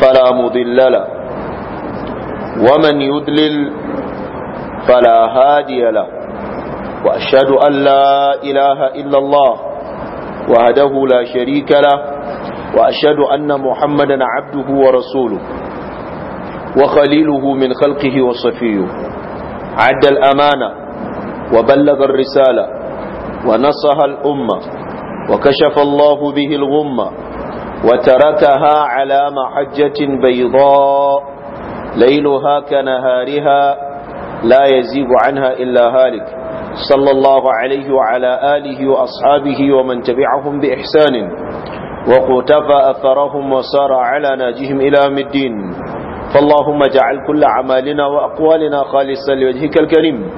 فلا مضل له ومن يدلل فلا هادي له وأشهد أن لا إله إلا الله وهده لا شريك له وأشهد أن محمدا عبده ورسوله وخليله من خلقه وصفيه عد الأمانة وبلغ الرسالة ونصها الأمة وكشف الله به الغمة وتركها على محجة بيضاء ليلها كنهارها لا يزيب عنها إلا هالك صلى الله عليه وعلى آله وأصحابه ومن تبعهم بإحسان وقتفى أثرهم وسار على ناجهم إلى مدين فاللهم اجعل كل عمالنا وأقوالنا خالصا لوجهك الكريم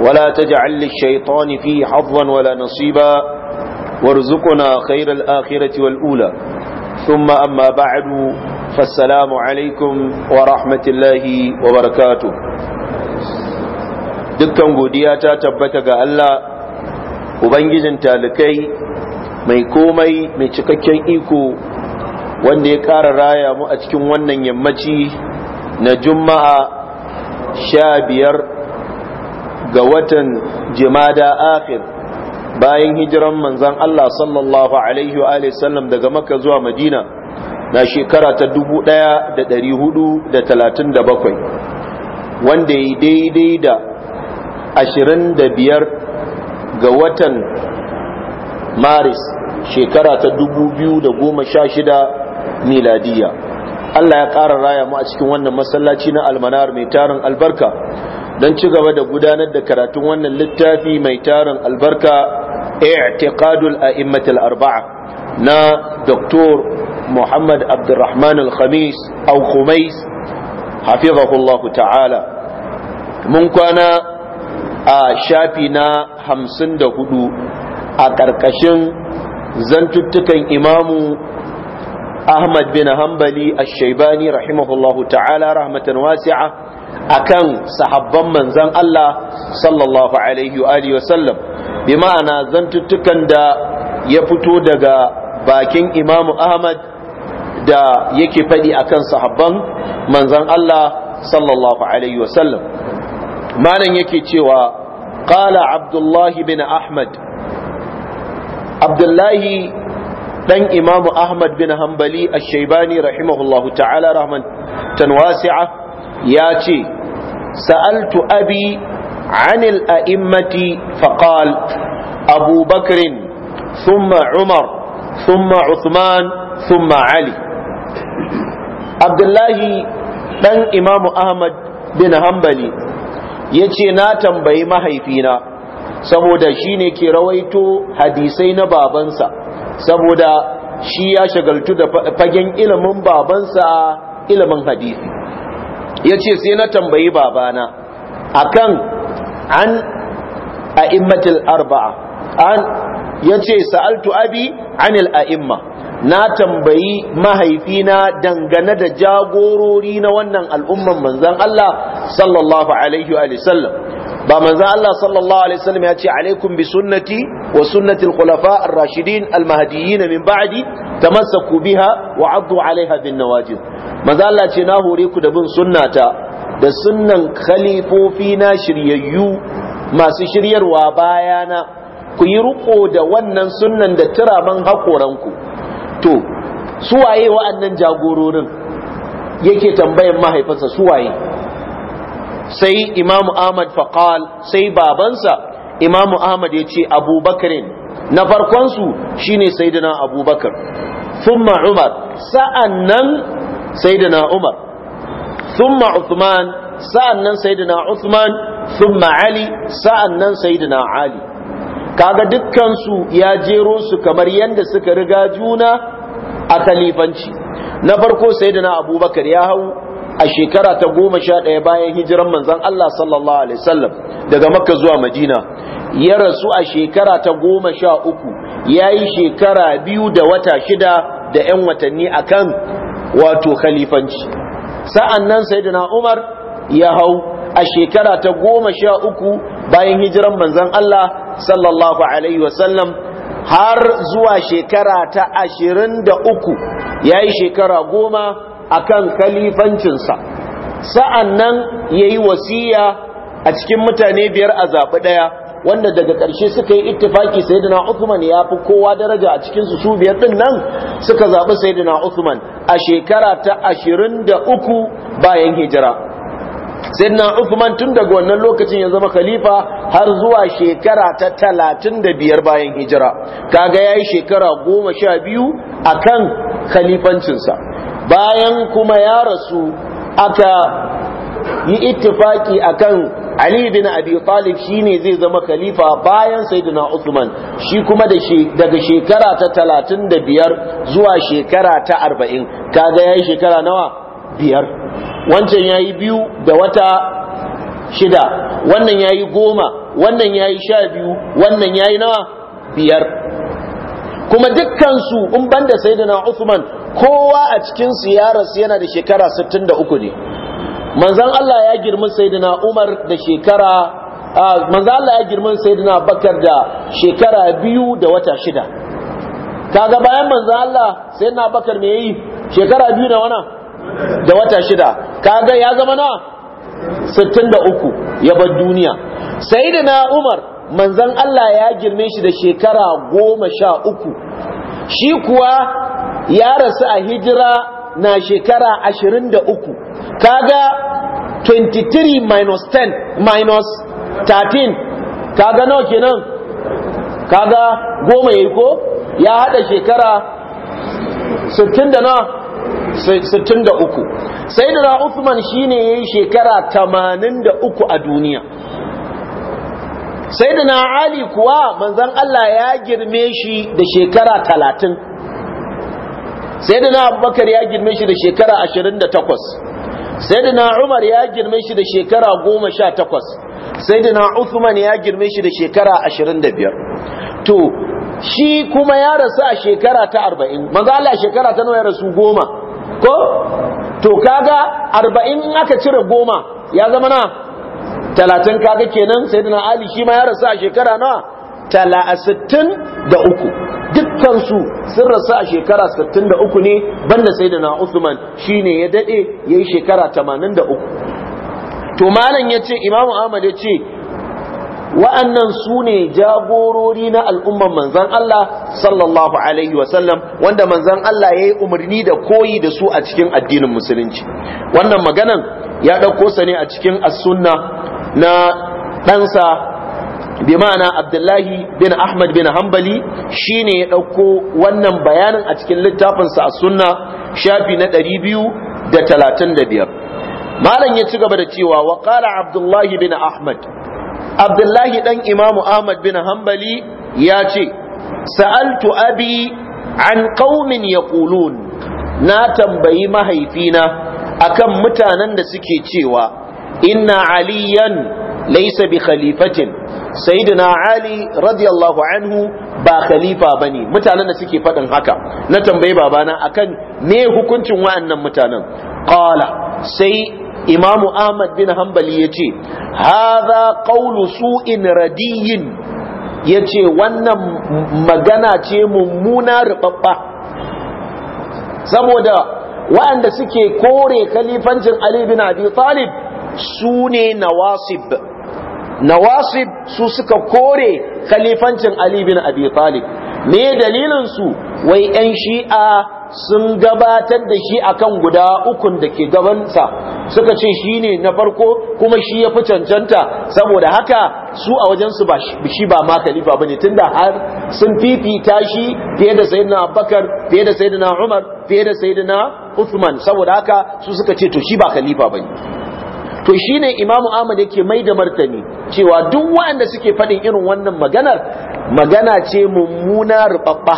ولا تجعل للشيطان فيه حظا ولا نصيبا وارزقنا خير الآخرة والأولى ثم أما بعد alaikum wa ورحمة wa barakatu. dukkan godiya ta tabbata ga Allah ubangijin talikai mai komai mai cikakken iko wanda ya ƙara raya mu a cikin wannan yammaci na juma'a sha biyar ga watan jimada akhir bayan hijiran manzan Allah sallallahu alaihi daga maka zuwa madina na shekara ta da da hudu talatin 1437 wanda ya daidai da ashirin biyar ga watan maris shekara ta 2016 miladiya Allah ya ƙara raya mu a cikin wannan masallaci na almanar mai tarin albarka don ci gaba da gudanar da karatun wannan littafi mai tarin albarka i'tiqadul a'immatul arba'a na Dr. Muhammad Abdulrahman al-Khamis au Khumais hafizahullah ta'ala mun kwana a shafi na 54 a ƙarƙashin zantuttukan imamu Ahmad bin Hanbali ash-Shaybani rahimahullahu ta'ala rahmatan wasi'a akan sahabban manzan Allah sallallahu alaihi wa alihi wasallam bi ma'ana zantuttukan da ya fito daga bakin Imam Ahmad da yake faɗi akan sahabban manzan Allah sallallahu alaihi wasallam malan yake cewa qala Abdullahi bin Ahmad Abdullahi dan Imam Ahmad bin Hanbali ash-Shaybani rahimahullahu ta'ala rahmatan wasi'a ya ce sa'altu abi anil a'immati faqal abu bakrin thumma umar thumma uthman thumma ali abdullahi ɗan imamu ahmad bin hambali ya ce na tambayi mahaifina saboda shi ne ke rawaito hadisai na babansa saboda shi ya shagaltu da fagen ilimin babansa ilimin hadisi ya ce sai na tambayi babana akan an a arba'a an ya ce sa'altu abi anil a'imma na tambayi mahaifina dangane da jagorori na wannan al'umman manzan Allah sallallahu alaihi wa sallam ba manzan Allah sallallahu alaihi wasallam ya ce alaikum bi sunnati wa sunnati al-khulafa ar-rashidin al-mahdiyyin min ba'di tamassaku biha wa 'addu 'alayha bin nawajib manzan Allah ce na hore ku da bin sunnata da sunnan khalifofi na shiryayyu masu shiryarwa bayana ku yi riko da wannan sunnan da turaman hakoranku to su waye wa'annan jagororin yake tambayan mahaifinsa waye? sai Imam ahmad faqal sai babansa Imam ahmad ya ce abubakarin na farkonsu shine sayyidina abubakar thumma umar sa'annan sayyidina umar thumma uthman sa'annan sayyidina uthman thumma ali sa'annan sayyidina ali kaga dukkansu ya jero su kamar yadda suka riga juna a kalifanci na farko sayyidina abubakar ya hau a shekara ta goma sha ɗaya bayan hijiran manzan Allah sallallahu alaihi wasallam daga makka zuwa madina ya rasu a shekara ta goma sha uku ya yi shekara biyu da wata shida da 'yan watanni akan wato khalifanci sa'an nan sai da umar ya hau a shekara ta goma sha uku bayan hijiran manzan Allah sallallahu alaihi wasallam har zuwa shekara ta ashirin da uku ya yi shekara goma akan khalifancinsa sa'annan yayi wasiya a cikin mutane biyar a zaɓi ɗaya wanda daga ƙarshe suka yi ittifaki sayyidina Uthman ya fi kowa daraja a cikin su su biyar din nan suka zabi sayyidina Uthman a shekara ta 23 bayan hijira sayyidina Uthman tun daga wannan lokacin ya zama khalifa har zuwa shekara ta 35 bayan hijira kaga yayi shekara 12 akan sa bayan kuma ya rasu aka yi ittifaki akan Ali bin Abi Talib shine zai zama khalifa bayan Sayyidina Uthman shi kuma da shi daga shekara ta 35 zuwa shekara ta 40 kaga yayi shekara nawa biyar wancan yayi biyu da wata shida wannan yayi goma wannan yayi sha biyu wannan yayi nawa biyar kuma dukkan su in banda sayyidina Uthman kowa a cikin rasu yana da shekara 63 ne manzan Allah ya girman sayyidina Umar da shekara manzan Allah ya girman sayyidina Bakar da shekara biyu da wata shida kaga bayan manzan Allah sayyidina Bakar me yi shekara biyu da wana da wata shida kaga ya zama na 63 ya bar duniya sayyidina Umar manzan Allah ya girme shi da shekara goma sha uku shi kuwa ya rasu a hijira na shekara 23 kaga 23 minus 10 minus 13 kaga nawa kenan kaga goma yayi ko ya hada shekara 60 da na 63 sayyidina Uthman shine yayi shekara 83 a duniya sai da Ali kuwa manzon Allah ya girme shi da shekara sai da na abubakar ya girme shi da shekara 28 sai da na umar ya girme shi da shekara 18 sai da na uthman ya girme shi da shekara 25 to shi kuma ya rasu a shekara ta 40 maza Allah shekara ta nawa ya rasu 10 ko to kaga 40 aka cire 10 ya zama na 30 kaga kenan sai da na ali shi ma ya rasu a shekara na 63 duk dukkansu sun rasu a shekara 63 ne banda sai da na Usman shine ya dade yayi shekara 83 to malam yace imamu Ahmad ya ce wa'annan su ne jagorori na al'umman manzan Allah sallallahu Alaihi wasallam wanda manzan Allah ya yi umarni da koyi da su a cikin addinin musulunci wannan maganan ya ɗauko sa ne a cikin as-sunna na ɗansa bi ma'ana abdullahi bin ahmad bin hanbali shine ya ɗauko wannan bayanin a cikin littafinsa a sunna shafi na ɗari biyu da talatin da biyar malam ya ci gaba da cewa wa ƙara abdullahi bin ahmad abdullahi ɗan Imam ahmad bin hanbali ya ce sa'altu abi an qaumin yaqulun na tambayi mahaifina akan mutanen da suke cewa inna aliyan Laisabi bi khalifatin sayyidina ali radiyallahu anhu ba khalifa bane mutanen da suke faɗin haka na tambayi babana akan me hukuncin wa'annan mutanen qala sai imamu ahmad bin hanbali ya ce haza qawlu su'in radiyin ya ce wannan magana ce mummuna rubabba saboda waɗanda suke kore khalifancin ali bin abi talib su ne nawasib nawasib su suka kore khalifancin Ali bin Abi Talib me dalilin su wai yan shi'a sun gabatar da shi akan guda ukun da ke gabansa suka ce shi ne na farko kuma shi ya fi cancanta saboda haka su a wajensu ba shi ba ma khalifa bane tunda har sun fifita shi fiye da sayyidina Abubakar fiye da sayyidina Umar fiye da sayyidina Uthman saboda haka su suka ce to shi ba khalifa bane to shine Imam Ahmad yake mai da martani cewa duk waɗanda suke faɗin irin wannan maganar magana ce mummuna rubabba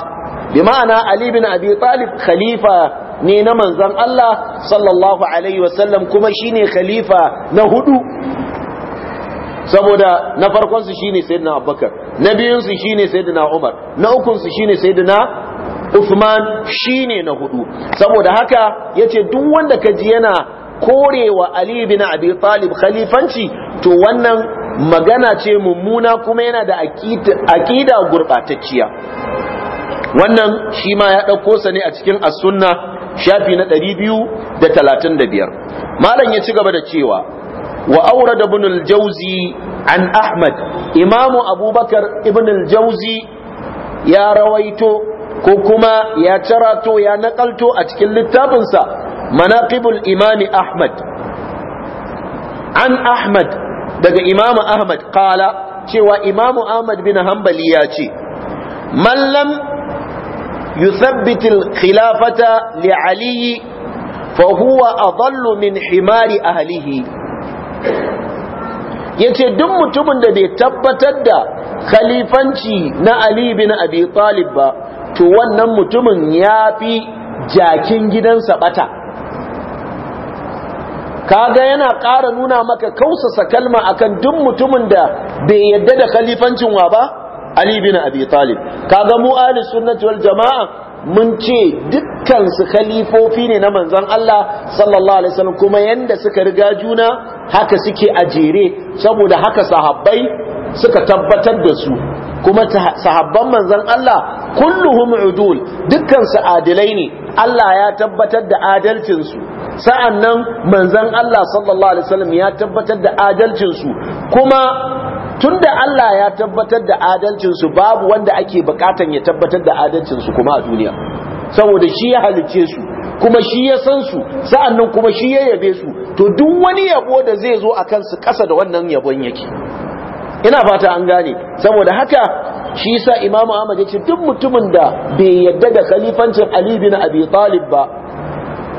bi ma'ana Ali bin Abi Talib khalifa ne na manzon Allah sallallahu alaihi wasallam kuma shine khalifa na hudu saboda na farkon su shine sayyidina Abubakar na biyun su shine sayyidina Umar na ukun su shine sayyidina Uthman shine na hudu saboda haka yace duk wanda kaji yana korewa Ali bin Abi Talib khalifanci to wannan magana ce mummuna kuma yana da aƙida gurɓatacciya wannan shi ma ya ɗauko sa ne a cikin asunna shafi na ɗari biyu da da talatin biyar. malam ya ci gaba da cewa wa da da al jauzi an ahmad imamu abubakar ibn Jauzi ya rawaito ko kuma ya carato ya nakalto a cikin littafinsa manaqibul imami ahmad an ahmad daga Imam Ahmad kala cewa Imam Ahmad bin Hanbali ya ce man lam yuthabbit al-khilafata li Ali fa huwa adallu min himari ahlihi yace duk mutumin da bai tabbatar da khalifanci na Ali bin Abi Talib ba to wannan mutumin ya fi jakin gidansa bata kaga yana ƙara nuna maka kausasa kalma akan duk mutumin da bai yadda da khalifancin wa ba Ali bin Abi Talib kaga mu ahli sunnati wal jama'a mun ce dukkan su khalifofi ne na manzon Allah sallallahu alaihi wasallam kuma yanda suka riga juna haka suke a jere saboda haka sahabbai suka tabbatar da su kuma sahabban manzon Allah kulluhum udul dukkan su adilai ne Allah ya tabbatar da adalcinsu sa'an nan manzan Allah sallallahu Alaihi wasallam ya tabbatar da adalcinsu kuma tun da Allah ya tabbatar da adalcinsu babu wanda ake bukatan ya tabbatar da adalcinsu kuma a duniya saboda shi ya halice su kuma shi ya san su sa'an nan kuma shi ya yabe su to duk wani yabo da zai zo a kansu ƙasa da wannan yabon yake ina fata an gane saboda haka shi sa imamu ahmad ya ce duk mutumin da bai yadda da khalifancin ali bin abi talib ba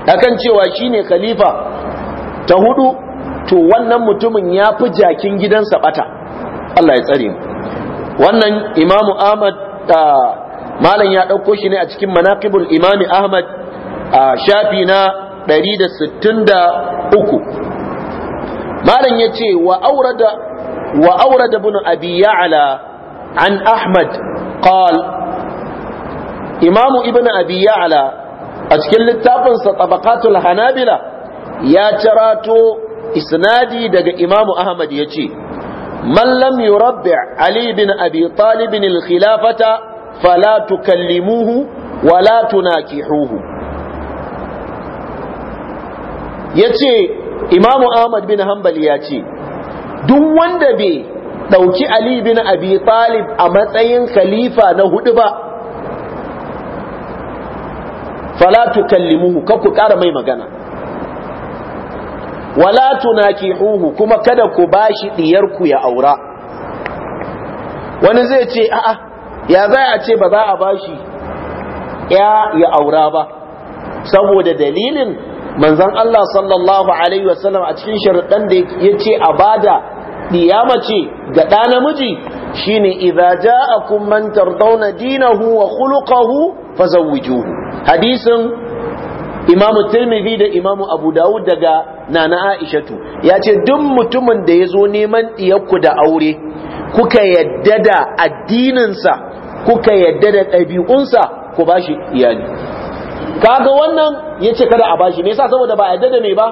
akan cewa shine khalifa ta hudu to wannan mutumin ya fi jakin gidansa bata Allah ya tsare wannan imamu ahmad malam ya ɗauko shi ne a cikin manaqibul imami ahmad a shafi na 163 malam ce wa aurada wa aurada ibn abi ya'la an ahmad qal imamu ibn abi ya'la a cikin littafinsa tabaqatul hanabila ya cirato isnadi daga imamu ahmad ya ce man lam yurabbi ali bin abi talib al-khilafata fala tukallimuhu wala tunakihuhu yace imamu ahmad bin Hambal ya ce duk wanda bai ɗauki Ali bin Abi Talib a matsayin khalifa na hudu ba falatu kallimuhu ka ku ƙara mai magana Walatu na tunakihuhu kuma kada ku bashi diyar ku ya aura wani zai ce a'a ya za a ce ba za a bashi ya ya aura ba saboda dalilin manzon Allah sallallahu alaihi wasallam a cikin sharaɗan da ya ce a bada diya mace ga ɗa namiji shi ne shine a ja'akum man dina dinahu wa khuluquhu fazawwijuhu hadisin Imam Tirmidhi da imamu Abu Dawud daga Nana Aishatu ya ce duk mutumin da ya zo neman ɗiyarku da aure kuka yadda da addininsa kuka yadda da ɗabi'unsa ku bashi iyali kaga wannan Ya ce kada a bashi me yasa saboda ba yadda da me ba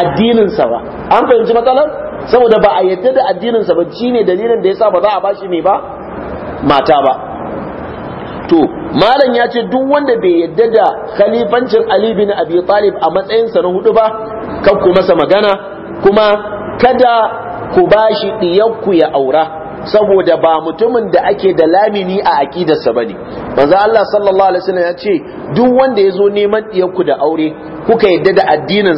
addininsa ba an fahimci matsalar saboda ba a yadda da addinin sa ba shine dalilin da yasa ba za a bashi ne ba mata ba to malam ya ce duk wanda bai yadda da khalifancin Ali bin Abi Talib a matsayinsa na hudu ba kan ku masa magana kuma kada ku bashi diyakku ya aura saboda ba mutumin da ake da lamini a akidarsa bane manzo Allah sallallahu alaihi wasallam ya ce duk wanda ya zo neman ɗiyarku da aure kuka yadda da addinin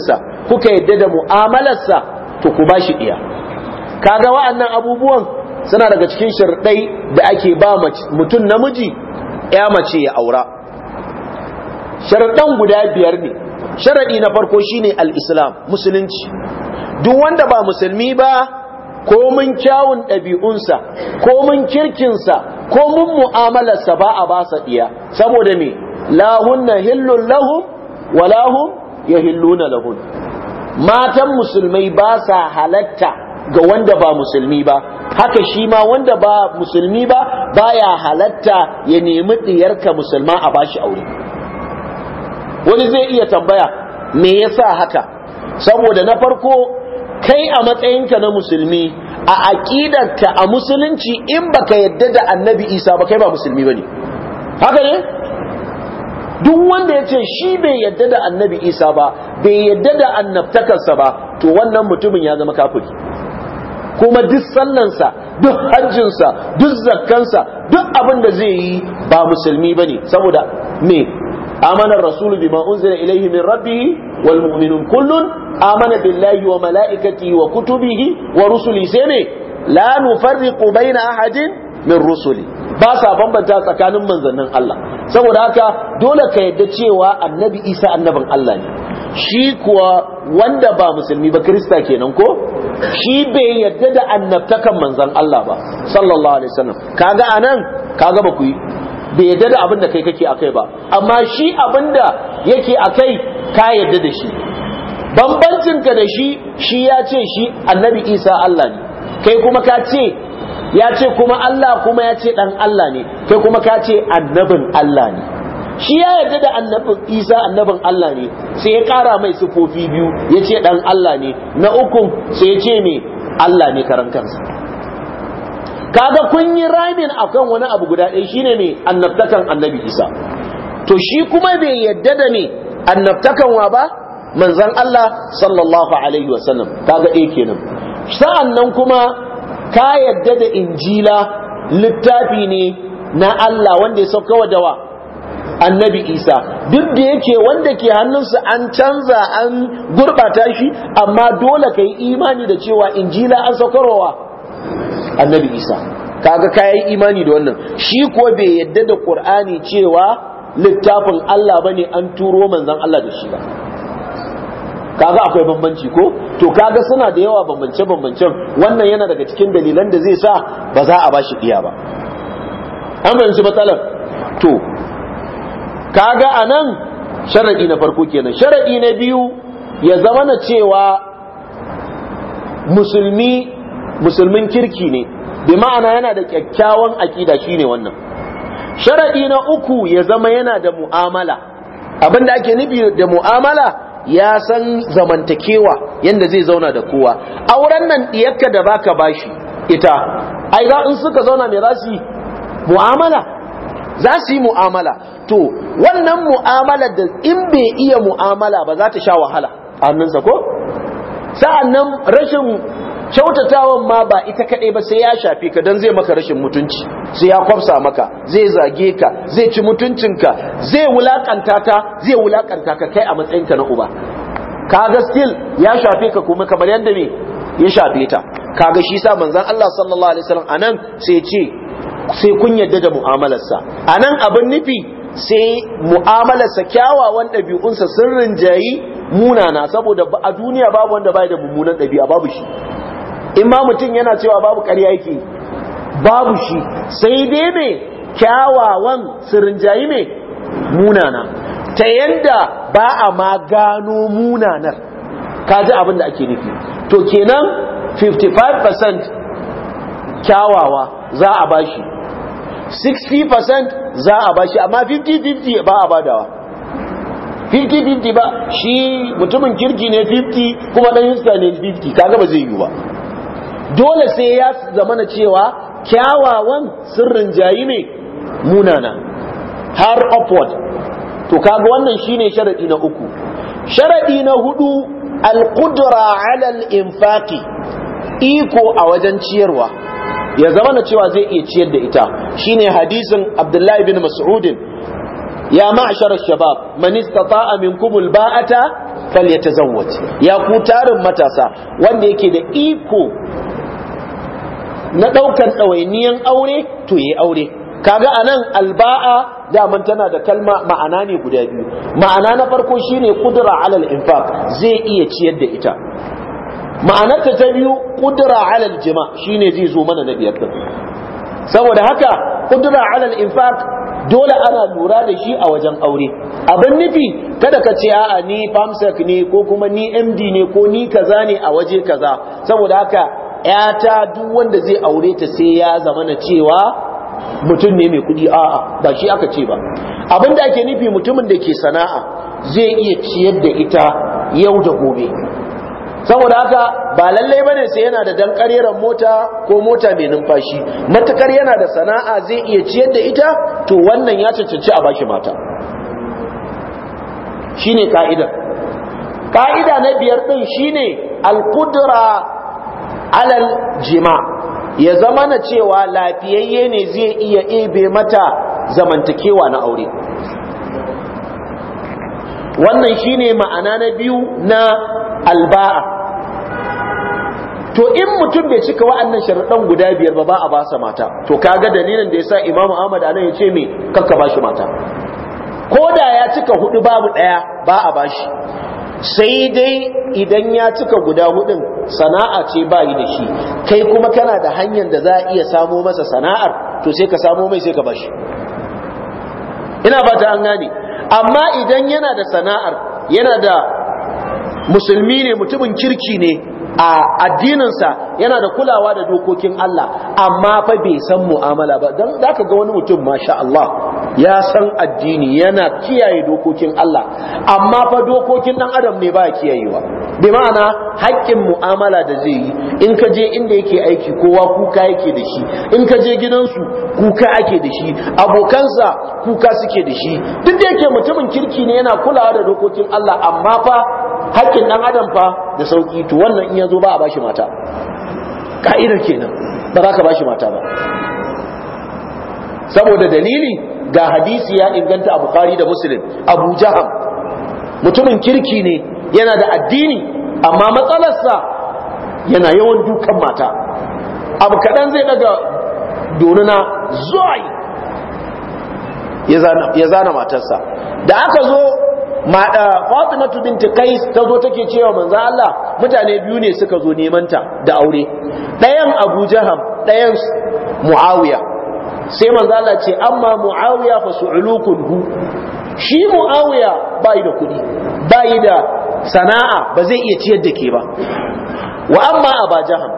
kuka yadda da mu'amalarsa to ku bashi iya kaga wa'annan abubuwan suna daga cikin shirdai da ake ba mutum namiji ya mace ya aura sharɗan guda biyar ne sharaɗi na farko shine al-islam musulunci duk wanda ba musulmi ba ko mun kyawun ɗabi'unsa ko mun kirkinsa ko mun mu'amalarsa ba a ba sa ɗiya saboda me na hillun lahum wa lahum ya hilluna lahun matan musulmai ba sa halatta ga wanda ba musulmi ba haka shi ma wanda ba musulmi ba baya halatta ya nemi diyarka musulma a bashi aure wani zai iya tambaya me yasa haka saboda na farko kai a matsayinka na musulmi a aqidarka a musulunci in baka yadda da annabi isa ba kai ba musulmi bane haka ne duk wanda ya ce shi bai yadda da annabi isa ba bai yadda da annabtakarsa ba to wannan mutumin ya zama kafiri kuma duk sallansa duk hajjinsa duk zakkansa duk abin da zai yi ba musulmi ba ne saboda me Amanan rasulu bima unzila ilayhi min rabbi wal mu'minun kullun amana billahi wa mala'ikati wa kutubihi wa rusuli sai ne lanu fari kubaina ahadin min rusuli ba sa bambanta tsakanin manzannin Allah saboda haka dole ka yadda cewa annabi Isa annabin Allah ne shi kuwa wanda ba musulmi ba krista kenan ko shi bai yadda da annabtakan manzan Allah ba sallallahu alaihi wasallam kaga anan kaga ba ku yi bai yadda da abin kai kake akai ba amma shi abin da yake akai ka yadda da shi bambancin ka da shi shi ya ce shi annabi Isa Allah ne kai kuma ka ce ya ce kuma Allah kuma ya ce dan Allah ne kai kuma ka ce annabin Allah ne shi ya yarda da annabin Isa annabin Allah ne sai ya kara mai sufofi biyu ya ce dan Allah ne na ukun sai ya ce me Allah ne karan kansa kaga kun yi ramin akan wani abu guda ɗaya shine me annabtakan annabi Isa to shi kuma bai yarda da me annabtakan wa ba manzon Allah sallallahu alaihi wasallam kaga eh kenan sa'an nan kuma ka yadda da injila littafi ne na Allah wanda ya sauka wa dawa? annabi isa duk da yake wanda ke hannunsa an canza an gurɓata shi amma dole ka yi imani da cewa injila an saukarwa annabi isa kaga ka yi imani da wannan shi kuwa bai yadda da ƙur'ani cewa littafin Allah bane an turo manzon Allah da shi ba kaga akwai bambanci ko to kaga suna da yawa bambance bambancen wannan yana daga cikin dalilan da zai sa ba za a shi diya ba an fahimci matsalar to kaga anan sharadi na farko kenan sharadi na biyu ya zama na cewa musulmi musulmin kirki ne bi ma'ana yana da kyakkyawan aƙida shine wannan sharadi na uku ya zama yana da mu'amala abinda ake nufi da mu'amala ya san zamantakewa yanda zai zauna da kowa auren nan diyarka da baka bashi ita ai za in suka zauna me za su mu'amala za su yi mu'amala to wannan mu'amala da in bai iya mu'amala ba za ta sha wahala a hannunsa ko sa'annan rashin kyautatawan ma ba ita kaɗai ba sai ya shafi ka don zai maka rashin mutunci sai ya kwafsa maka zai zage ka zai ci mutuncinka zai wulakanta ka zai wulakanta ka kai a matsayinka na uba kaga still ya shafe ka kuma kamar yadda mai ya shafe ta kaga shi sa manzon Allah sallallahu alaihi wasallam anan sai ce sai kun yadda da mu'amalarsa anan abin nufi sai mu'amalarsa kyawawan ɗabi'unsa sun rinjayi munana saboda a duniya babu wanda bai da mummunan ɗabi'a babu shi in ma mutum yana cewa babu ƙarya yake babu shi sai dai mai kyawawan sirinjayi mai munana ta yanda ba a ma gano munanar kaji abin da ake nufi to kenan 55% kyawawa za a shi 60% za a bashi amma 50-50 ba a dawa 50-50 ba shi mutumin kirki ne 50 kuma ɗan yusta ne 50 kaga ba zai yi ba dole sai ya zamana cewa kyawawan sirrin jayi ne munana har upward to kaga wannan shine sharadi na uku sharadi na hudu alqudra ala alinfaqi iko a wajen ciyarwa ya zama na cewa zai iya ciyar da ita shine hadisin Abdullahi bin Mas'udin ya ma'ashar shabab man istata'a minkum alba'ata falyatazawwaj ya ku tarin matasa wanda yake da iko na ɗaukan ɗawainiyan aure to ya aure kaga anan alba'a daman tana da kalma ma'ana ne guda biyu ma'ana na farko shine kudura alal infaq zai iya ciyar da ita ma'anarta ta biyu kudura alal jima shine zai zo mana na biyar saboda haka kudura alal infaq dole ana lura da shi a wajen aure abin nufi kada ka ce a'a ni famsec ne ko kuma ni md ne ko ni kaza ne a waje kaza saboda haka 'yata duk wanda zai aure ta sai ya zama na cewa mutum ne mai kuɗi a'a ba shi aka ce ba abin da ake nufi mutumin da ke sana'a zai iya ciyar da ita yau da gobe saboda haka ba lallai bane sai yana da dan mota ko mota mai numfashi matakar yana da sana'a zai iya ciyar da ita to wannan ya cancanci a bashi mata shine ka'ida ka'ida na biyar din shine al-qudra alal jima ya zama na cewa lafiyayye ne zai iya ebe mata zamantakewa na aure wannan shine ma'ana na biyu na alba'a to in mutum bai cika wa'annan sharaɗan guda biyar ba ba a basa mata to kaga dalilin da yasa imamu ahmad anan ya ce me kakka bashi mata ko da ya cika hudu babu ɗaya ba a bashi sai dai idan ya cika guda hudun sana'a ce ba da shi kai kuma kana da hanyar da za a iya samo masa sana'ar to sai ka samo mai sai ka bashi ina ba ta an gane amma idan yana da sana'ar yana da musulmi ne mutumin kirki ne a addininsa yana da kulawa da dokokin Allah amma fa bai san mu'amala ba dan zaka ga wani mutum masha Allah ya san addini yana kiyaye dokokin Allah amma fa dokokin dan adam ne ba kiyayewa bi ma'ana haƙƙin mu'amala da zai yi in ka je inda yake aiki kowa kuka yake da shi in ka je gidansu kuka ake da shi abokansa kuka suke da shi duk da yake mutumin kirki ne yana kulawa da dokokin Allah amma fa haƙƙin ɗan adam fa da sauƙi to wannan in ya ba a bashi mata ka'idar kenan ba za ka bashi mata ba saboda dalili ga hadisi ya inganta a bukari da muslim abu jaham mutumin kirki ne yana da addini amma matsalarsa yana yawan dukan mata abu kaɗan zai daga donuna zuwa ya zana matarsa da aka zo mada Fatimatu binti Qais ta zo take cewa manzo Allah mutane biyu ne suka zo neman ta da aure ɗayan Abu Jaham ɗayan Muawiya sai manzo Allah ce amma Muawiya fa su'ulukun hu shi Muawiya bai da kuɗi bai da sana'a ba zai iya ciyar da ke ba wa amma Abu Jaham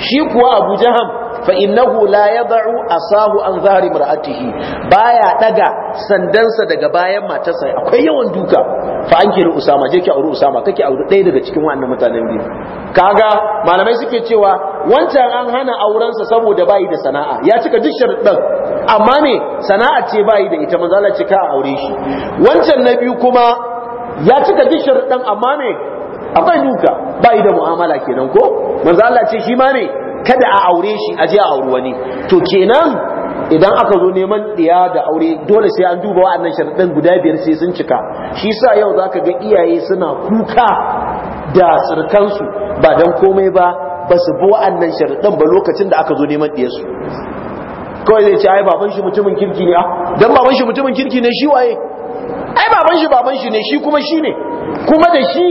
shi kuwa Abu Jaham fa innahu la yad'u asahu an zahri mar'atihi baya daga sandansa daga bayan matarsa akwai yawan duka fa an kira usama je ki auri usama kake auri ɗaya daga cikin wannan mutanen biyu kaga malamai suke cewa wancan an hana aurensa saboda bayi da sana'a ya cika duk sharuɗan amma ne sana'a ce bayi da ita manzo Allah ce ka aure shi wancan na biyu kuma ya cika duk sharuɗan amma ne akwai duka bayi da mu'amala kenan ko manzo Allah ce shi ma ne kada a aure shi a je a auri wani to kenan idan aka zo neman diya da aure dole sai an duba wa'annan sharaɗin guda biyar sai sun cika shi sa yau ka ga iyaye suna kuka da sirkansu ba dan komai ba ba su bi wa'annan sharaɗin ba lokacin da aka zo neman ɗiyarsu kawai zai ce ai baban shi mutumin kirki ne ah, Don baban shi mutumin kirki ne shi waye ai baban shi baban shi ne shi kuma shi ne kuma da shi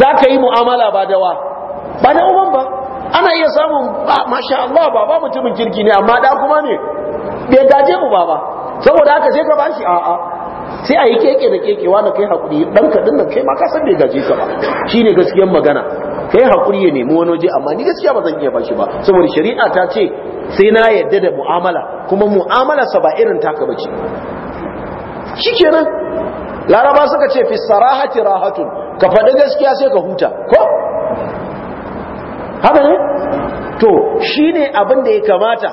za ka yi mu'amala ba da wa ba da uban ba ana iya samun ba ah, masha Allah baba mutumin kirki ne amma da kuma ne bai gaje mu baba saboda haka sai ka bashi a'a sai a yi keke da kekewa na kai hakuri dan ka dinnan kai ma ka san bai gaje ka ba shine gaskiyar magana kai hakuri ya nemi wani waje amma ni gaskiya ba zan iya bashi ba saboda shari'a ta ce sai na yadda da mu'amala kuma mu'amala sa ba irin taka bace shikenan laraba suka ce fi sarahati rahatun ka faɗi gaskiya sai ka huta ko haka ne to shine abin da ya kamata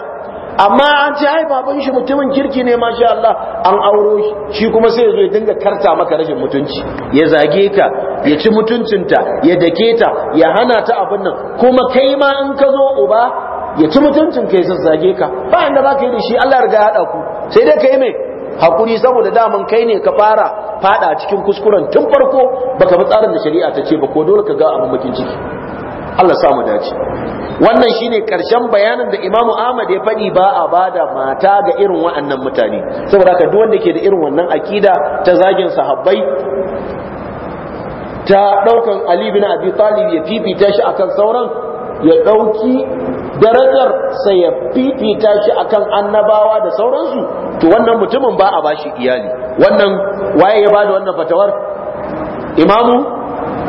amma an ce ai baban shi mutumin kirki ne masha Allah an auro shi shi kuma sai ya zo ya dinga karta maka rashin mutunci ya zage ka ya ci mutuncinta ya dake ta ya hana ta abin nan kuma kai ma in ka zo uba ya ci mutuncin kai ya zage ka ba inda baka yi da shi Allah ya riga ya hada ku sai dai kai mai hakuri saboda daman kai ne ka fara fada cikin kuskuren tun farko baka bi tsarin da shari'a ta ce ba ko dole ka ga abin bakin ciki Allah sa mu dace wannan shine karshen bayanin da Imam Ahmad ya faɗi ba a bada mata ga irin wa'annan mutane saboda haka duk wanda ke da irin wannan akida ta zagin sahabbai ta daukan Ali bin Abi Talib ya fifita shi akan sauran ya dauki darajar sai ya fifita shi akan annabawa da sauransu to wannan mutumin ba a bashi iyali wannan waye ya bada wannan fatawar imamu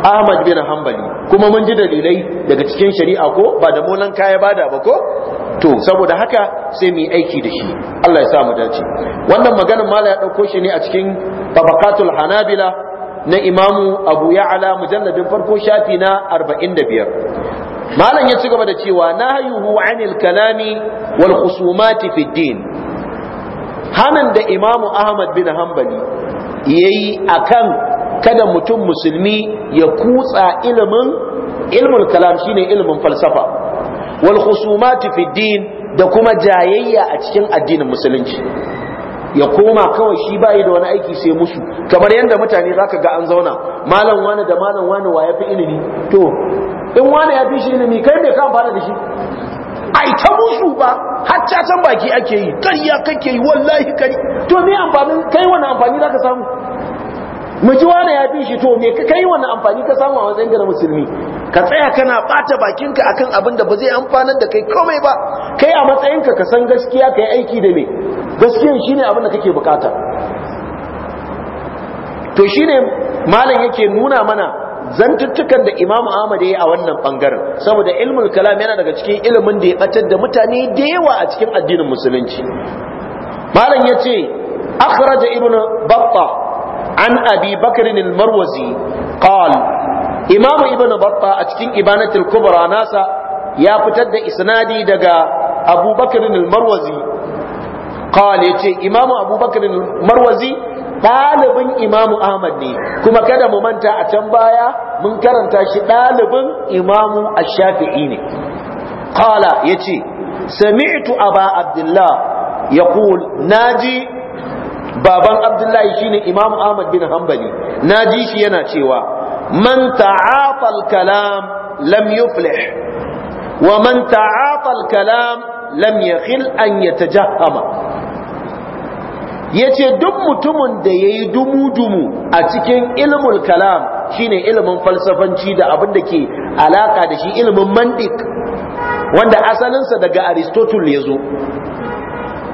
Ahmad bin Hanbali kuma mun ji dalilai daga cikin shari'a ko ba da molan kaya bada ba ko to saboda haka sai mu aiki da shi Allah ya sa mu dace wannan maganar mala ya dauko shi ne a cikin tabaqatul hanabila na imamu abu ya'ala mujalladin farko shafi na 45 malam ya ci gaba da cewa nahyuhu anil kalami wal khusumati fid din hanan da imamu ahmad bin hanbali yayi akan kada mutum musulmi ya kutsa ilimin ilmul kalam shine ilimin falsafa wal khusumati fi din da kuma jayayya a cikin addinin musulunci ya koma kawai shi bai da wani aiki sai musu kamar yadda mutane zaka ga an zauna malam wani da malam wani wa yafi ilimi to in wani ya fi shi ilimi kai me ka amfana da shi ai ta musu ba har can baki ake yi ƙarya kake yi wallahi kai to me amfanin kai wani amfani zaka samu mu ji ya fi shi to me ka kai wani amfani ka samu a matsayin musulmi ka tsaya kana bata bakinka akan abin da ba zai amfanar da kai komai ba kai a matsayinka ka san gaskiya kai aiki da me gaskiyan shine abin da kake bukata to shine malam yake nuna mana zantuttukan da Imam Ahmad yayi a wannan bangaren saboda ilmul kalam yana daga cikin ilimin da ya batar da mutane da yawa a cikin addinin musulunci malam yace akhraj ibnu battah an abi bakr marwazi qal imam ibn batta a cikin ibanatul kubra nasa ya fitar da isnadi daga abu bakr al-marwazi qal yace imam abu bakr al-marwazi ɗalibin imamu ahmad ne kuma kada mu manta a can baya mun karanta shi ɗalibin imamu a shafii ne qala yace sami'tu aba abdullah na naji baban abdullahi shine Imam ahmad bin hanbali na ji shi yana cewa man ta'afa al-kalam lam yuflih wa man ta'afa al-kalam lam yakhil an yatajahama yace duk mutumin da yayi dumu-dumu a cikin ilmul kalam shine ilimin falsafanci da abin da ke alaka da shi ilimin mandik wanda asalinsa daga aristotle ya zo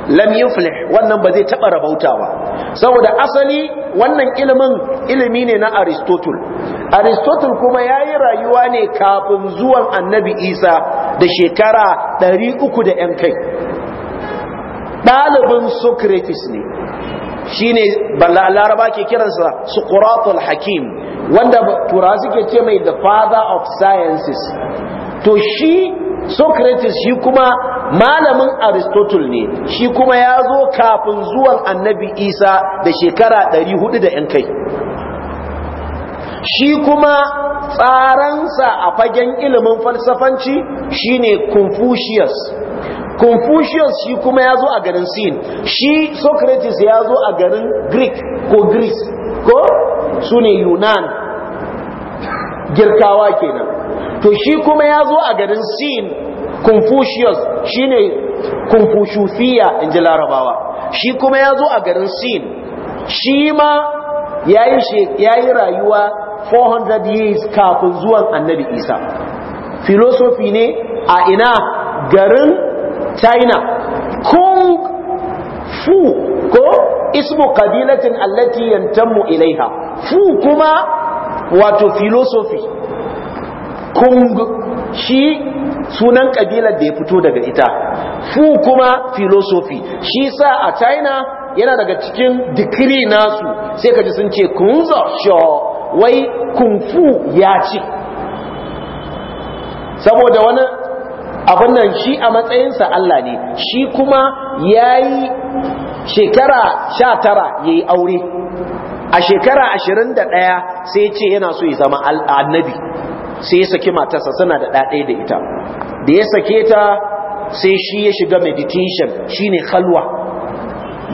lam yuflih wannan ba zai taba rabauta ba saboda asali wannan ilimin ilimi ne na aristotle aristotle kuma yayi rayuwa ne kafin zuwan annabi isa da shekara 300 da yan kai ɗalibin socrates ne shine laraba ke kiransa suqratul hakim wanda tura suke ce mai the father of sciences to shi socrates shi kuma malamin aristotle ne shi kuma ya zo kafin zuwan annabi isa da shekara 400 da 'yan kai shi kuma tsaransa a fagen ilimin falsafanci shine confucius confucius shi kuma ya zo a garin sin shi socrates ya zo a garin greek ko greece ko su ne yunan girkawa kenan to shi kuma ya zo a garin sin confucius shine confuciusia in ji larabawa shi kuma ya zo a garin sin shi ma ya yi rayuwa 400 years kafin zuwan annabi isa filosofi ne a ina garin china kung fu ko ismu kabilatin allati yantammu ilaiha fu kuma wato filosofi kung shi sunan kabilar da ya fito daga ita fu kuma filosofi, shi sa a china yana daga cikin dikiri nasu sai ka ji sun ce kunzo sho wai kung fu ya ci saboda wani abin nan shi a matsayinsa Allah ne shi kuma ya yi shekara sha tara ya yi aure a shekara ashirin da ɗaya sai ce yana so ya zama annabi sai ya saki matarsa suna da ɗaɗe da ita da ya sake ta sai shi ya shiga meditation shine halwa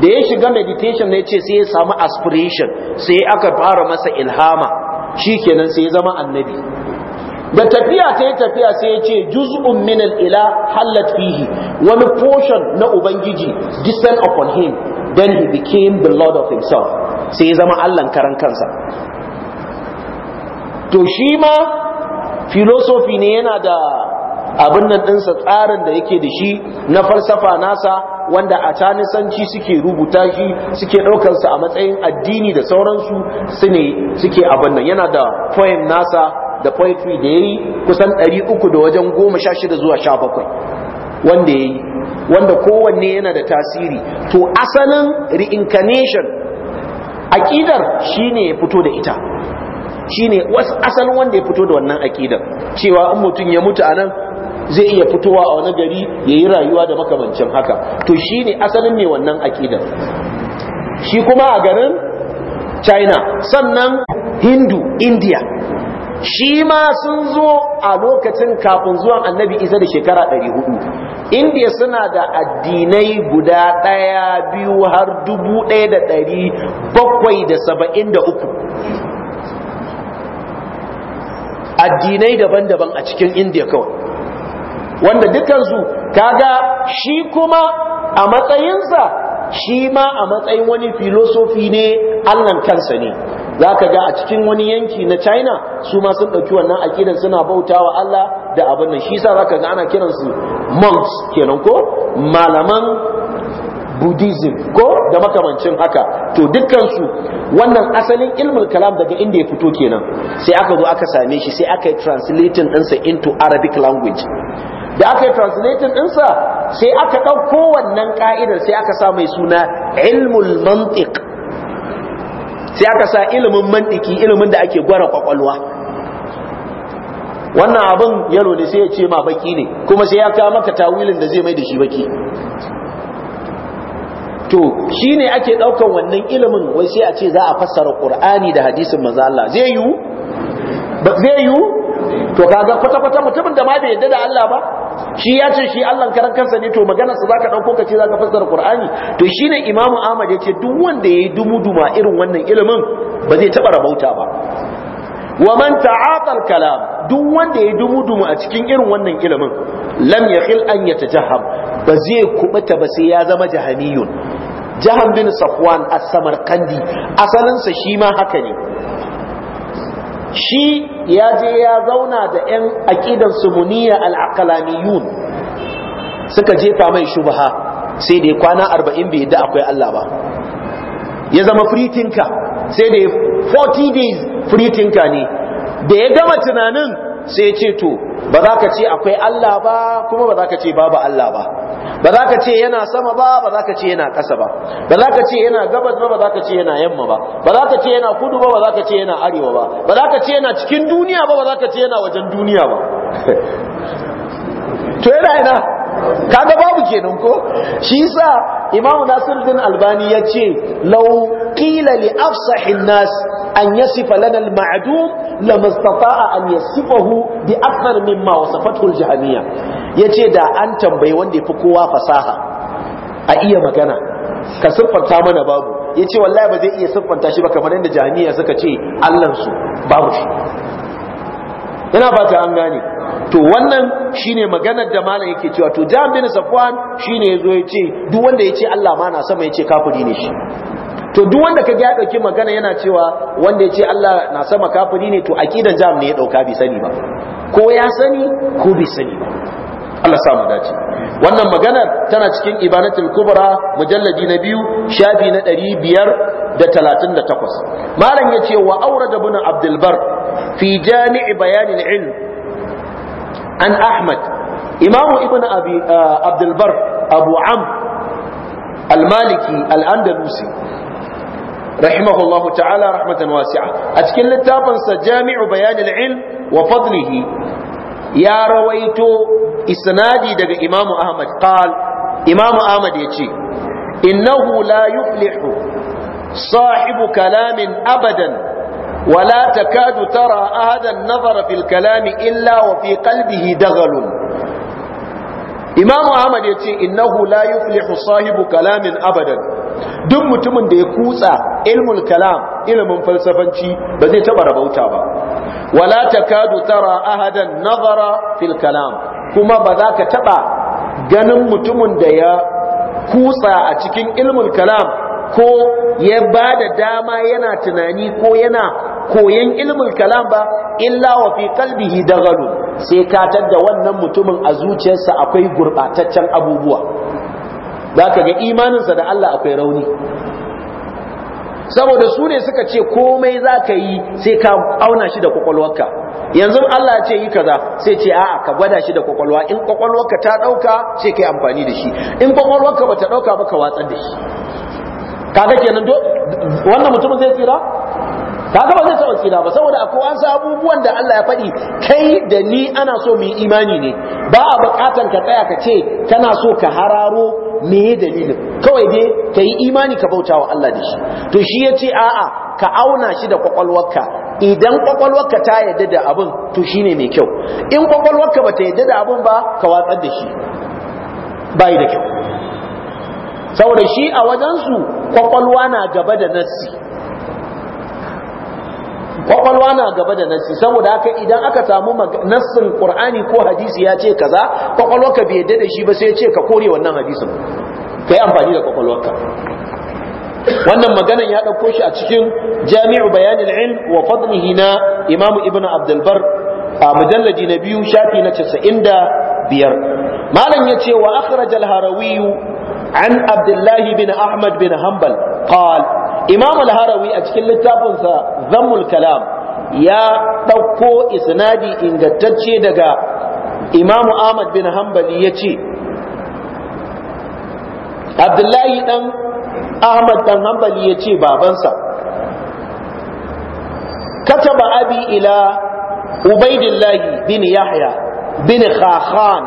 da ya shiga meditation ya ce sai ya samu aspiration sai aka fara masa ilhama kenan sai ya zama annabi da tafiya ta yi tafiya sai ya ce juz'un min al-ila hallat fihi wani portion na ubangiji descend upon him then he became the lord of himself sai ya zama allan karan kansa to shi ma filosofi ne yana da abin nan ɗinsa tsarin da yake da shi na falsafa nasa wanda a nisanci suke rubuta shi suke ɗaukarsa a matsayin addini da sauransu su ne suke abin nan yana da poem nasa da poetry da ya yi kusan 300 da wajen 16 zuwa 17 wanda ya yi wanda kowanne yana da tasiri to asalin reincarnation aƙidar shi ne ya fito da ita shine asalin wanda ya fito da wannan aƙidar cewa in mutum ya mutu anan zai iya fitowa a wani gari ya yi rayuwa da makamancin haka to shine asalin ne wannan aƙidar shi kuma a garin china sannan hindu india shi ma sun zo a lokacin kafin zuwan annabi isa da shekara 400 India suna da addinai guda ɗaya biyu har dubu ɗaya da ɗari bakwai da saba'in da uku addinai daban-daban a cikin indiya kawai wanda dukansu kaga shi kuma a matsayinsa shi ma a matsayin wani filosofi ne allan kansa ne za ka ga a cikin wani yanki na china su ma sun ɗauki wannan akidar suna bauta wa allah da abin nan shi sa za ka ga ana kiransu monks kenan ko malaman buddhism ko da makamancin haka to dukkansu wannan asalin ilmin kalam daga inda ya fito kenan sai aka zo aka same shi sai aka yi translating ɗinsa into arabic language da aka yi translating ɗinsa sai aka ɗauko wannan ka'idar sai aka sa mai suna ilmul mantiq sai aka sa ilimin mantiki ilimin da ake gwara kwakwalwa wannan abin yalo ne sai ya ce ma baki ne kuma sai ya kawo maka tawilin da zai mai da shi baki to ne ake daukan wannan ilimin wai sai a ce za a fassara ƙurani da hadisin manzo zai yiwu zai yiwu to kaga kwata kwata mutumin da ma bai yadda da Allah ba shi ya ce shi Allah karan kansa ne to maganar sa zaka dauko ka ce zaka fassara qur'ani to shine imamu ahmad ce, duk wanda ya yi yayi dumuduma irin wannan ilimin ba zai taɓa rabauta ba wa man ta'atal kalam duk wanda ya dumu-dumu a cikin irin wannan ilimin lam yakhil an yatajahham ba zai kubuta ba sai ya zama jahamiyun Jahan bin safwan as-samarkandi asalinsa shi ma haka ne shi ya je ya zauna da 'yan aƙidan sumuniya al'akalaniyun suka jefa mai shubha sai da kwana arba'in bai da akwai Allah ba ya zama fritinka sai da 40 days free thinker ne da ya gama tunanin sai ya ce to ba za ka ce akwai Allah ba kuma ba za ka ce babu Allah ba ba za ka ce yana sama ba ba za ka ce yana ƙasa ba ba za ka ce yana gabas ba ba za ka ce yana yamma ba ba za ka ce yana kudu ba ba za ka ce yana arewa ba ba za ka ce yana cikin duniya ba ba za ka ce yana wajen duniya ba to yana yana kaga babu kenan ko shi yasa Imam Nasiruddin Albani ya ce lau qila li afsahin nas an yasifa lana al-ma'dum lam istata'a an yasifahu bi akthar mimma wasafathu al-jahmiyya yace da an tambayi wanda yafi kowa fasaha a iya magana ka siffanta mana babu yace wallahi ba zai iya siffanta shi ba kamar yadda jahmiyya suka ce Allah su babu shi ina fata an gane to wannan shine maganar da malam yake cewa to Jabir bin Safwan shine yazo yace duk wanda yace Allah ma na sama yace kafiri ne shi to duk wanda ka ya dauki magana yana cewa wanda ya ce Allah na sama kafiri ne to aqidan jam ne ya dauka bai sani ba ko ya sani ko bai sani ba Allah sa mu dace wannan maganar tana cikin ibanatul kubra mujalladi na biyu shafi na ɗari biyar da talatin da takwas malam ya ce wa aurada da bin abdulbar fi jami'i bayanin ilm an ahmad imamu ibn uh, abdulbar abu am al-maliki al-andalusi rahimahullahu ta'ala rahmatan wasi'a a cikin littafinsa jami'u bayanil ilm wa fadlihi ya rawaito isnadi daga imamu yace innahu la sahibu kalamin abadan ولا تكاد ترى أحدا نظر في الكلام إلا وفي قلبه دغل إمام أحمد يتي إنه لا يفلح صاحب كلام أبدا duk mutumin da ya kutsa ilmul kalam ilmin falsafanci ba zai taba rabauta ba wala takadu tara ahadan nazara fil kalam kuma ba za ka taba ganin mutumin da ya kutsa a cikin ilmul kalam ko ya bada dama yana tunani ko yana koyan ilmul kalam ba illa wa fi qalbihi dagalu sai ka da wannan mutumin a zuciyarsa akwai gurbataccen abubuwa za ka ga imaninsa da Allah akwai rauni saboda su ne suka ce komai za ka yi sai ka auna shi da kwakwalwarka yanzu Allah ce yi kaza sai ce a'a ka gwada shi da kwakwalwa in kwakwalwarka ta dauka sai kai amfani da shi in kwakwalwarka ba ta dauka ba ka watsar da shi kaga kenan do wannan mutumin zai tsira kaga ba zai taba tsira ba saboda akwai an sa abubuwan da Allah ya faɗi kai da ni ana so mu yi imani ne ba a bukatan ka tsaya ka ce kana so ka hararo me dalilin kawai dai ka yi imani ka bauta wa Allah da shi to shi ya ce a'a ka auna shi da kwakwalwarka idan kwakwalwarka ta yadda da abin to shi ne mai kyau in kwakwalwarka ba ta yadda da abin ba ka watsar da shi ba da kyau saboda shi a wajensu kwakwalwa na gaba da nasi. kwakwalwa na gaba da nassi saboda haka idan aka samu nassin qur'ani ko hadisi ya ce kaza ka bai yadda da shi ba sai ya ce ka kore wannan hadisin kai amfani da ka. wannan maganan ya ɗauko shi a cikin jami'u bayanin ilm wa fadlihi na imamu abdul abdulbar a mujallaji na biyu shafi na casa'in da biyar malam ya ce wa akhraj harawiyu an abdullahi bin ahmad bin hanbal qal imam al-harawi a cikin littafinsa zammul kalam ya ɗauko isnadi ingantacce daga imamu ahmad bin hanbali ya ce abdullahi ɗan ahmad ɗan hanbali ya ce babansa kataba abi ila ubaidillahi bin yahya bin khakhan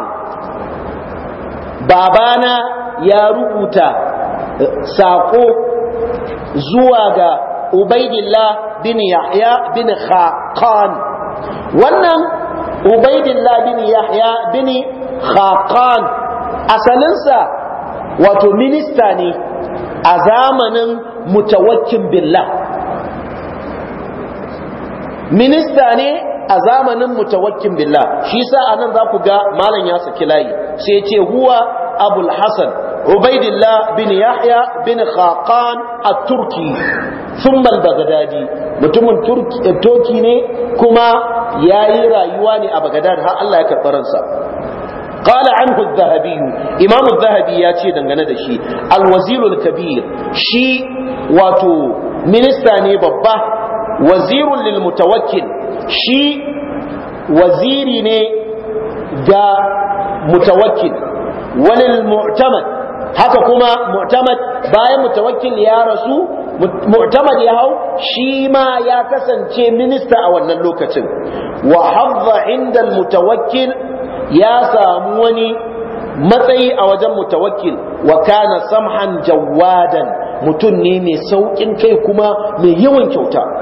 babana ya rubuta saƙo zuwa ga Ubaidillah bin Yahya bin Khaqan wannan Ubaidillah bin Yahya bin Khaqan asalinsa wato minista ne a zamanin mutawakkin billah minista ne a zamanin mutawakkin billah shi sa anan za ku ga malam ya saki layi sai ya ce huwa abul hasan ubaidillah bin yahya bin khaqan a turki thumma eh, al mutumin turki ne kuma yayi rayuwa ne a bagdad har Allah ya karɓi ransa قال عنه الذهبي امام الذهبي ya ce dangane da shi al-wazirul kabir shi wato minista ne babba wazirul lil mutawakkil shi waziri ne ga mutawakkil walil mu'tamad haka kuma mu'tamad bayan mutawakkil ya rasu mu'tamad ya hau shi ma ya kasance minista a wannan lokacin wa hadda inda mutawakkil ya samu wani matsayi a wajen mutawakkil wa kana samhan jawadan mutum ne mai sauƙin kai kuma mai yawan kyauta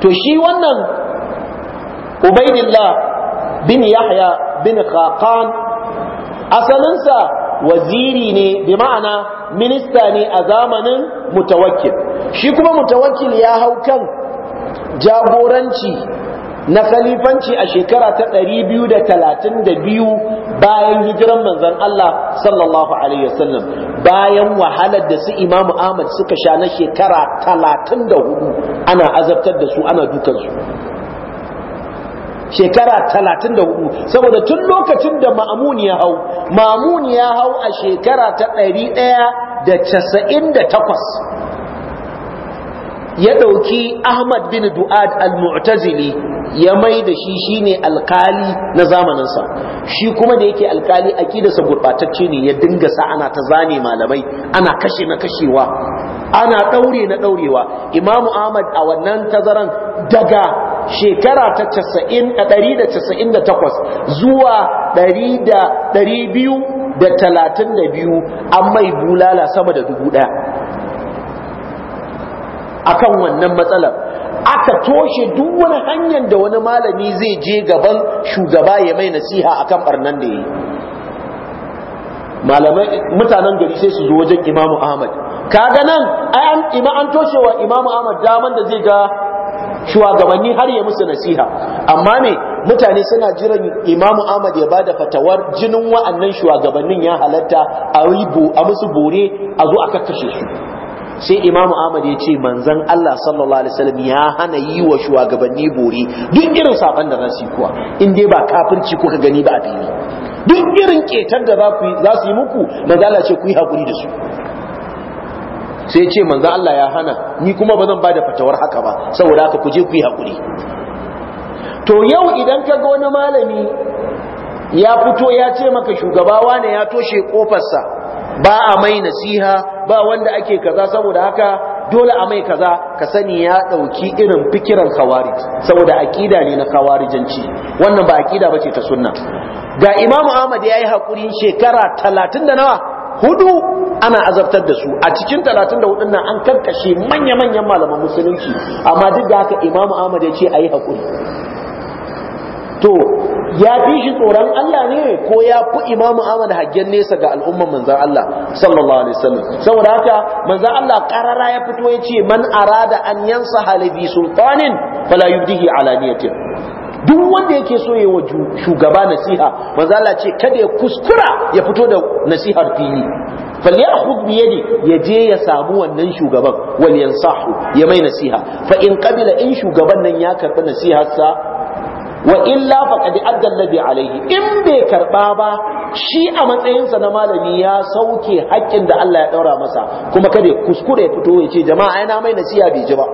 to shi wannan ubaidillah bin yahya bin khaqan asalinsa waziri ne bi ma'ana minista ne a zamanin mutawakkil shi kuma mutawakil ya hau kan jagoranci na khalifanci a shekara ta 232 bayan hijiran manzon Allah sallallahu alaihi wasallam bayan wahalar da su Imam Ahmad suka sha na shekara 34 ana azabtar da su ana dukan su shekara 34 saboda tun lokacin da Ma'amun ya hau Ma'amun ya hau a shekara ta 198 ya ɗauki ahmad bin du'ad al-mu'tazili ya mai da shi shine alkali na zamaninsa shi kuma da yake alkali a aƙidarsa gurbatacce ne ya dinga sa ana ta zane malamai ana kashe na kashewa ana ɗaure na ɗaurewa imamu ahmad a wannan tazaran daga shekara ta ɗari zuwa ɗari da an mai bulala sama da dubu ɗaya akan wannan matsalar aka toshe duk wani hanyar da wani malami zai je gaban shugaba ya mai nasiha akan barnan da yi malamai mutanen gari sai su zo wajen imamu ahmad kaga nan an toshe wa imamu ahmad daman da zai ga shugabanni har ya musu nasiha amma ne mutane suna jiran imamu ahmad ya bada fatawar jinin wa'annan shugabannin ya halatta a musu bore a zo a kakkashe su sai imamu ahmad ya ce manzan allah sallallahu alaihi wasallam ya hana yi wa shugabanni bori duk irin saban da za su yi kuwa in dai ba kafirci kuka gani ba a fili duk irin ketar da za su yi muku manzan allah ce ku yi hakuri da su sai ce manzan allah ya hana ni kuma ba zan ba da fatawar haka ba saboda haka kuje je ku yi hakuri to yau idan ka ga wani malami ya fito ya ce maka shugabawa ne ya toshe kofarsa ba a mai nasiha ba wanda ake kaza saboda haka dole a mai kaza ka sani ya dauki irin fikiran khawarij saboda akida ne na khawarijanci wannan ba akida bace ta sunna ga imam ahmad yayi hakuri shekara 30 da nawa hudu ana azabtar da su a cikin 34 nan an karkashe manya manyan malaman musulunci amma duk da haka imam ahmad ya ce ayi hakuri to ya fi shi tsoron Allah ne ko ya fi imamu Ahmad haggen nesa ga al'umman manzan Allah sallallahu alaihi wasallam saboda haka manzan Allah karara ya fito ya ce man arada an yansa halibi sultanin fala yubdihi alaniyatin duk wanda yake so ya wa shugaba nasiha manzan Allah ce kada ya kuskura ya fito da nasihar fili ya je ya يسامو wannan shugaban waliyan sahu ya mai nasiha fa in in shugaban nan ya karbi nasihar sa wa illa faqad adda alladhi alayhi in bai karba ba shi a matsayinsa na malami ya sauke haƙƙin da Allah ya daura masa kuma kada ya kuskure ya fito ya ce jama'a ai na mai nasiya bai ji ba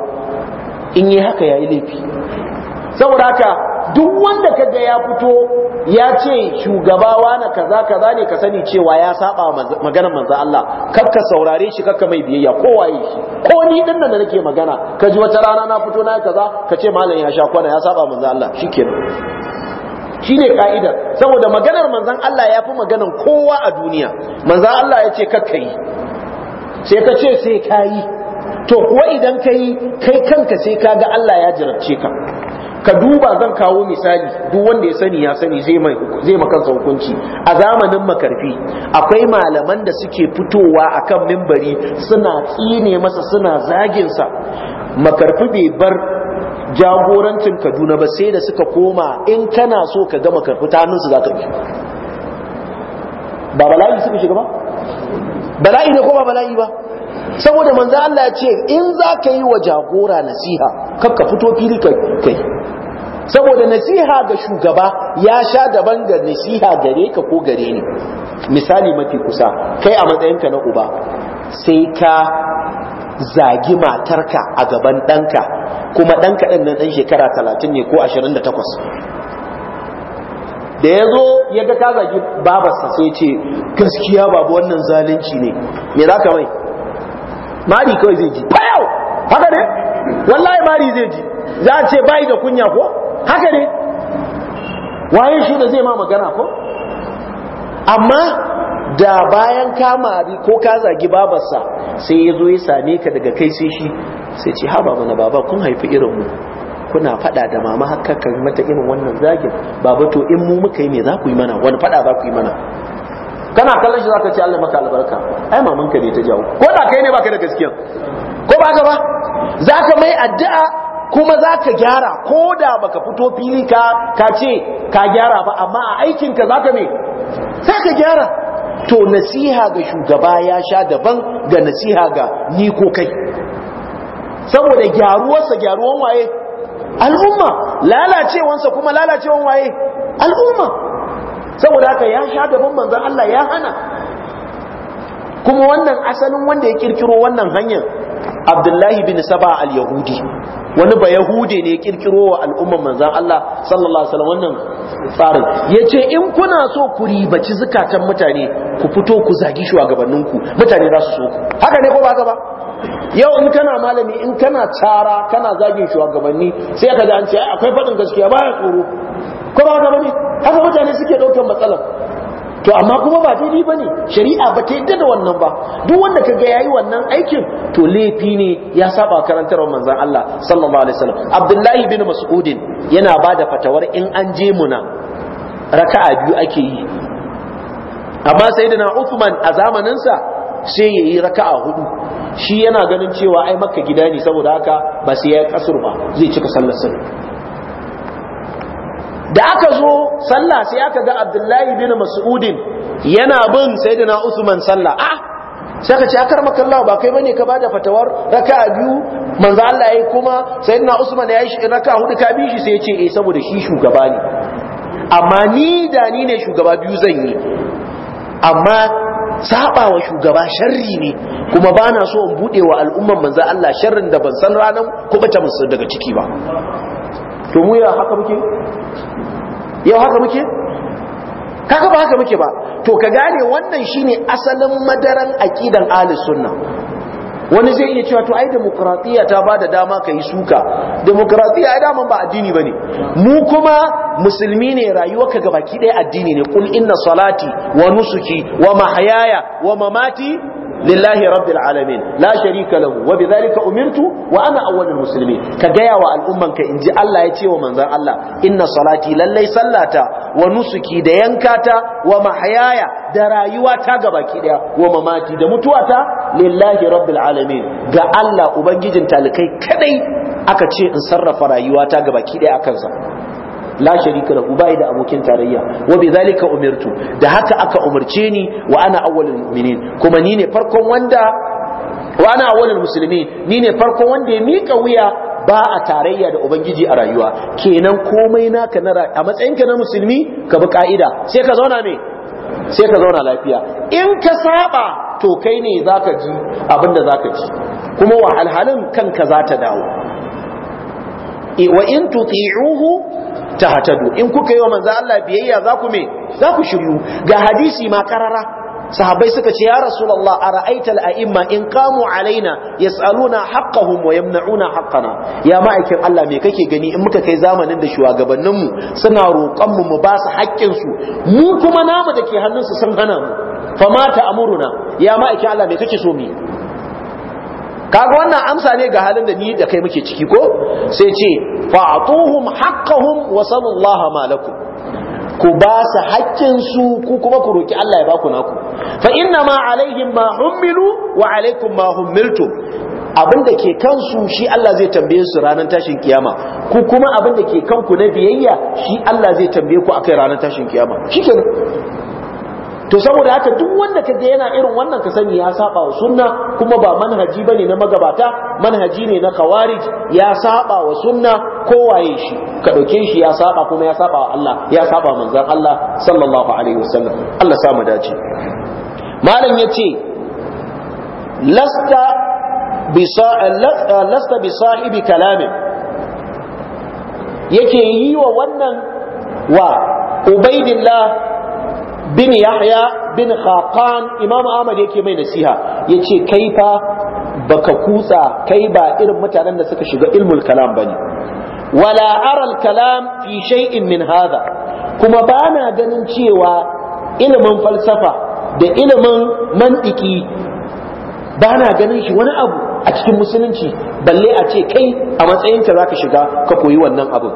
in yi haka yayi laifi saboda haka duk wanda kaga ya fito ya ce shugaba wani kaza kaza ne ka sani cewa ya saba maganar manzo Allah kakka saurare shi kakka mai biyayya ko waye shi ko ni din da nake magana ka ji wata rana na fito na kaza ka ce malam ya sha kwana ya saba manzo Allah shikenan shine ka'idar saboda maganar manzon Allah yafi fi maganar kowa a duniya manzon Allah ya ce kakka yi sai ka ce sai ka to kuwa idan ka kai kanka sai ka ga Allah ya jirace ka ka duba zan kawo misali duk wanda ya sani ya sani zai maka hukunci a zamanin makarfi akwai malaman da suke fitowa akan mimbari suna tsine masa suna zaginsa makarfi bai bar jagorancin kaduna ba sai da suka koma in kana so ka ga makarfi ta hannunsu za ka bi ba bala'i suka shiga ba bala'i ne ko ba bala'i ba saboda manzo Allah ya ce in za ka yi wa jagora nasiha kakka fito fili kai saboda nasiha ga shugaba ya sha daban da nasiha gare ka ko gare ni misali mafi kusa kai a matsayinka na uba sai ka zagi matarka a gaban ɗanka kuma ɗanka ɗin nan ɗan shekara talatin ne ko ashirin da takwas da ya zo ya ga ka zagi babarsa sai ce gaskiya babu wannan zalunci ne me za ka mai mari kawai zai ji fayau haka ne wallahi mari zai ji za a ce bai da kunya ko haka ne waye shi da zai ma magana ko amma da bayan ka mari ko ka zagi babarsa sai ya zo ya same ka daga kai sai shi sai ce ha babu na baba kun haifi irin mu kuna fada da mama haka kan mata irin wannan zagin baba to in mu muka yi me za ku yi mana wani fada za ku yi mana kana kallon shi zaka ce Allah maka albarka ai maman ka ne ta jawo ko da kai ne baka da gaskiya ko ba ka ba zaka mai addu'a kuma za ka gyara ko da baka fito fili ka ka ce ka gyara ba amma a aikinka za ka ne? za ka gyara to nasiha ga shugaba ya sha daban ga nasiha ga ni ko kai saboda gyaruwarsa gyaruwan waye al'umma lalacewansa kuma lalacewan waye al'umma saboda ka ya sha daban manzan Allah ya hana kuma wannan asalin wanda ya kirkiro wannan hanyar abdullahi bin saba al-yahudi wani ba Yahudi ne kirkiro wa al'umman manzan Allah sallallahu alaihi wasallam wannan tsarin yace in kuna so ku ribaci zukatan mutane ku fito ku zagi ku mutane za su so ku haka ne ko ba haka ba yau in kana malami in kana tara kana zagin shugabanni sai ka ji an ce akwai faɗin gaskiya baya tsoro ko ba haka bane haka mutane suke ɗaukar matsalar to amma kuma ba daidai ba ne shari'a ba ta yadda da wannan ba duk wanda ka ga yayi wannan aikin to laifi ne ya saba wa manzan Allah sallallahu alaihi wasallam Abdullahi bin Mas'udin yana ba da fatawar in an je muna raka'a biyu ake yi amma sayyidina Uthman a zamaninsa sai yayi raka'a hudu shi yana ganin cewa ai makka gida ne saboda haka ba sai ya kasur ba zai cika sallar sallar da aka zo sallah sai aka ga abdullahi bin mas'udin yana bin sayyidina usman sallah ah sai ka ce akar makallawa ba kai bane ka bada fatawar raka'a biyu manzo Allah yayi kuma sayyidina usman yayi shi raka'a hudu ka bi shi sai ya ce eh saboda shi shugaba ne amma ni da ni ne shugaba biyu zan yi amma saba wa shugaba sharri ne kuma bana so in bude wa al'umman manzo Allah sharrin da ban san ranan ko bata musu daga ciki ba to mu ya haka muke yau haka muke kaga ba haka muke ba to ka gane wannan shine asalin madaran aqidan ahlus sunna wani zai iya cewa to ai demokradiya ta ba da dama ka yi suka demokradiya ai daman ba addini bane mu kuma musulmi ne rayuwar ka gabaki ɗaya addini ne kul inna salati wa nusuki wa mahayaya wa mamati lillahi rabbi'l'alamin la sharika lahu wa bidhalika umirtu wa ana awwalul muslimin ka gaya wa al'umman ka ji Allah ya ce wa manzon Allah inna salati lallai sallata wa nusuki da yankata wa mahayaya da rayuwata gabaki daya wa mamati da mutuwata lillahi rabbi'l'alamin. ga Allah ubangijin talikai kadai aka ce in sarrafa rayuwata gabaki daya a kansa. la sharika lahu ba da abokin tarayya wa bi zalika umirtu da haka aka umarce ni wa ana awwalul mu'minin kuma ni ne farkon wanda wa ana awwalul muslimin ni ne farkon wanda ya mika wuya ba a tarayya da ubangiji a rayuwa kenan komai naka na a matsayinka na musulmi ka bi ka'ida sai ka zauna lafiya in ka saba to kai ne zaka ji abinda zaka ji kuma wahalhalin kanka za ta dawo wa in tuti'uhu tahtadu in kuka yi wa manzan Allah biyayya za ku me za ku shiryu ga hadisi ma karara sahabbai suka ce ya rasulullah ra'aital aimma in kamu alaina ya haqqahum wa yamna'una haqqana ya ma'aikin Allah me kake gani in muka kai zamanin da shugabanninmu mu suna roƙonmu mu basu ba su mu kuma namu da hannun su sun hana mu fa mata amuruna ya ma'aikin Allah me kake so mu kaga wannan amsa ne ga halin da ni da kai muke ciki ko sai ce fa'atuhum haqqahum wa sallallahu ma ku ba su haƙƙin su ku kuma ku roki Allah ya ba ku naku fa inna ma alaihim ma hummilu wa alaikum ma hummiltu abinda da ke kansu shi Allah zai tambaye su ranar tashin kiyama ku kuma abinda da ke kanku na biyayya shi Allah zai tambaye ku akai ranar tashin kiyama shikenan to saboda haka duk wanda ka ga yana irin wannan ka sani ya saba wa sunna kuma ba manhaji bane na magabata manhaji ne na khawarij ya saba wa sunna kowaye shi ka dauke shi ya saba kuma ya saba wa Allah ya saba manzon Allah sallallahu alaihi wasallam Allah sa mu dace malam yace lasta bi lasta bi sahibi kalamin yake yi wa wannan wa ubaidillah bin yahya bin khaqan imam ahmad yake mai nasiha yace kai fa baka kutsa kai ba irin mutanen da suka shiga ilmul kalam bane wala ara al kalam fi shay'in min hadha kuma bana ganin cewa ilimin falsafa da ilimin mantiki bana ganin shi wani abu a cikin musulunci balle a ce kai a matsayin ka zaka shiga ka koyi wannan abu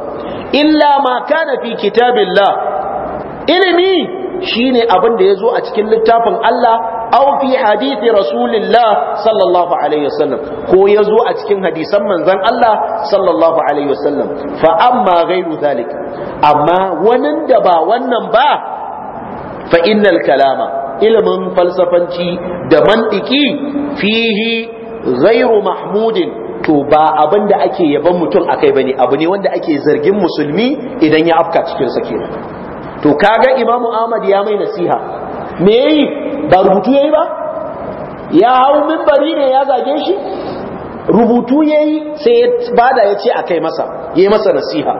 illa ma kana fi kitabillah ilimi shine abin da yazo a cikin littafin Allah aw fi hadisi rasulillah sallallahu alaihi wasallam ko yazo a cikin hadisan manzon Allah sallallahu alaihi wasallam fa amma ghairu zalika amma wannan da ba wannan ba fa innal kalama ilimin falsafanci da mantiki fihi ghairu mahmudin to ba abin da ake yaban mutum akai bane abu ne wanda ake zargin musulmi idan ya afka cikin sa kenan to kaga imamu ahmad ya mai nasiha me yayi ba rubutu yayi ba ya hau minbari ne ya zage shi rubutu yayi sai ya bada ya ce a kai masa yayi masa nasiha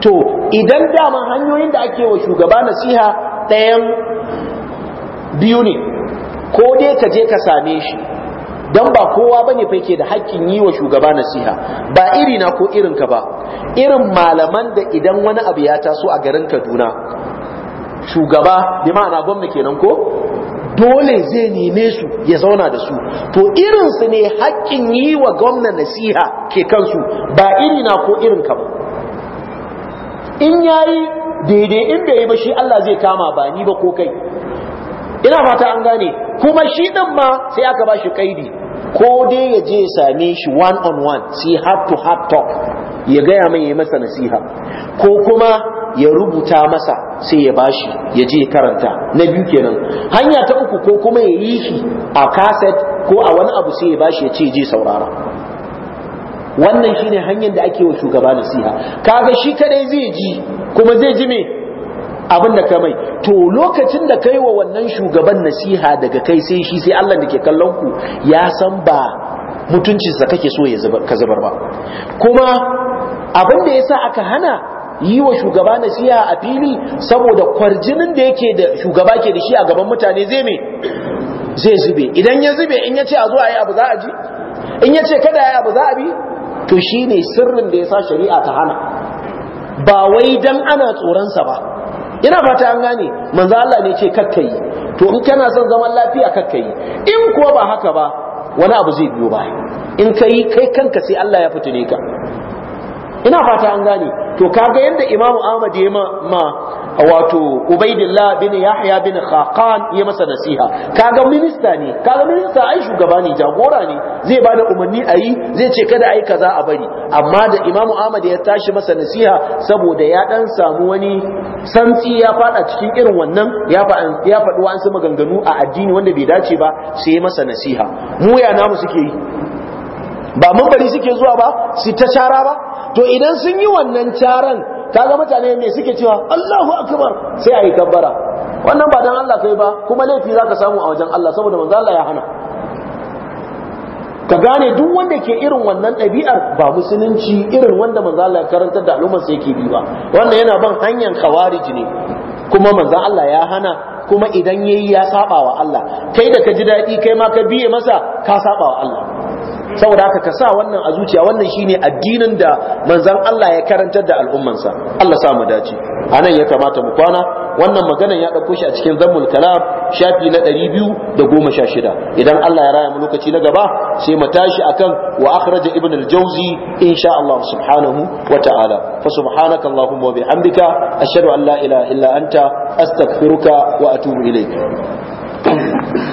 to idan dama hanyoyin da ake wa shugaba nasiha ɗayan biyu ne ko dai ka je ka same shi don ba kowa ba ne fai da haƙƙin yi wa shugaba nasiha ba iri na ko irinka ba irin malaman da idan wani abu ya taso a garin kaduna shugaba da ma'ana gwamna kenan ko dole zai neme su ya zauna da su to irinsu ne haƙƙin yi wa gwamna nasiha ke kansu ba iri na ko irin kama. ba in yayi daidai in bai yi ba shi Allah zai kama ba ni ba ko kai ina fata an gane kuma shi din ma sai aka ba shi kaidi ko dai ya je ya same shi one on one sai hard to hard talk ya gaya mai ya masa nasiha ko kuma ya rubuta masa sai ya bashi ya je karanta na biyu kenan hanya ta uku ko kuma ya yi shi a kaset ko a wani abu sai ya bashi ya ce je saurara wannan shine hanyar da ake wa shugaba nasiha kaga shi kadai zai ji kuma zai ji me abin da ka mai to lokacin da kai wa wannan shugaban nasiha daga kai sai shi sai Allah da ke kallon ku ya san ba mutuncinsa kake so ka zubar ba kuma abin da ya sa aka hana yi wa shugaba na siya a fili saboda kwarjinin da yake da shugaba ke da shi a gaban mutane zai me zai zube idan ya zube in ya ce a zo a yi abu za a ji in ya ce kada ya yi abu za a bi to shi ne sirrin da ya sa shari'a ta hana ba wai dan ana tsoronsa ba ina fata an gane manzo Allah ne ce kakkayi to in kana son zaman lafiya kakkayi in ko ba haka ba wani abu zai biyo ba in ka yi kai kanka sai Allah ya fitune ka ina fata an gane to kaga yadda imamu ahmad ya ma wato ubaidillah bin yahya bin khaqan ya masa nasiha kaga minista ne kaga minista ai shugaba ne jagora ne zai bada umarni ayi zai ce kada ayi kaza a bari amma da imamu ahmad ya tashi masa nasiha saboda ya dan samu wani santsi ya fada cikin irin wannan ya ya faɗi sama ganganu a addini wanda bai dace ba sai ya masa nasiha mu ya namu suke yi ba mun bari suke zuwa ba su ta cara ba to idan sun yi wannan caran kaga mutane me suke cewa Allahu akbar sai ayi kabbara wannan ba dan Allah kai ba kuma laifi zaka samu a wajen Allah saboda manzo Allah ya hana ka gane duk wanda ke irin wannan ɗabi'ar ba musulunci irin wanda manzo Allah ya karantar da al'umma sai yake bi ba wannan yana ban hanyar khawarij ne kuma manzo Allah ya hana kuma idan yayi ya saba wa Allah kai da ka ji daɗi kai ma ka biye masa ka saba wa Allah saboda haka ka sa wannan a zuciya wannan shine addinin da manzon Allah ya karantar da al'ummansa Allah sa mu dace anan ya kamata mu kwana wannan maganan ya dauko shi a cikin zammul kalam shafi na 216 idan Allah ya raya mu lokaci na gaba sai mu tashi akan wa akhraja ibn al-jawzi insha Allah subhanahu wa ta'ala fa subhanaka allahumma wa bihamdika ashhadu an la ilaha illa anta astaghfiruka wa atubu ilayk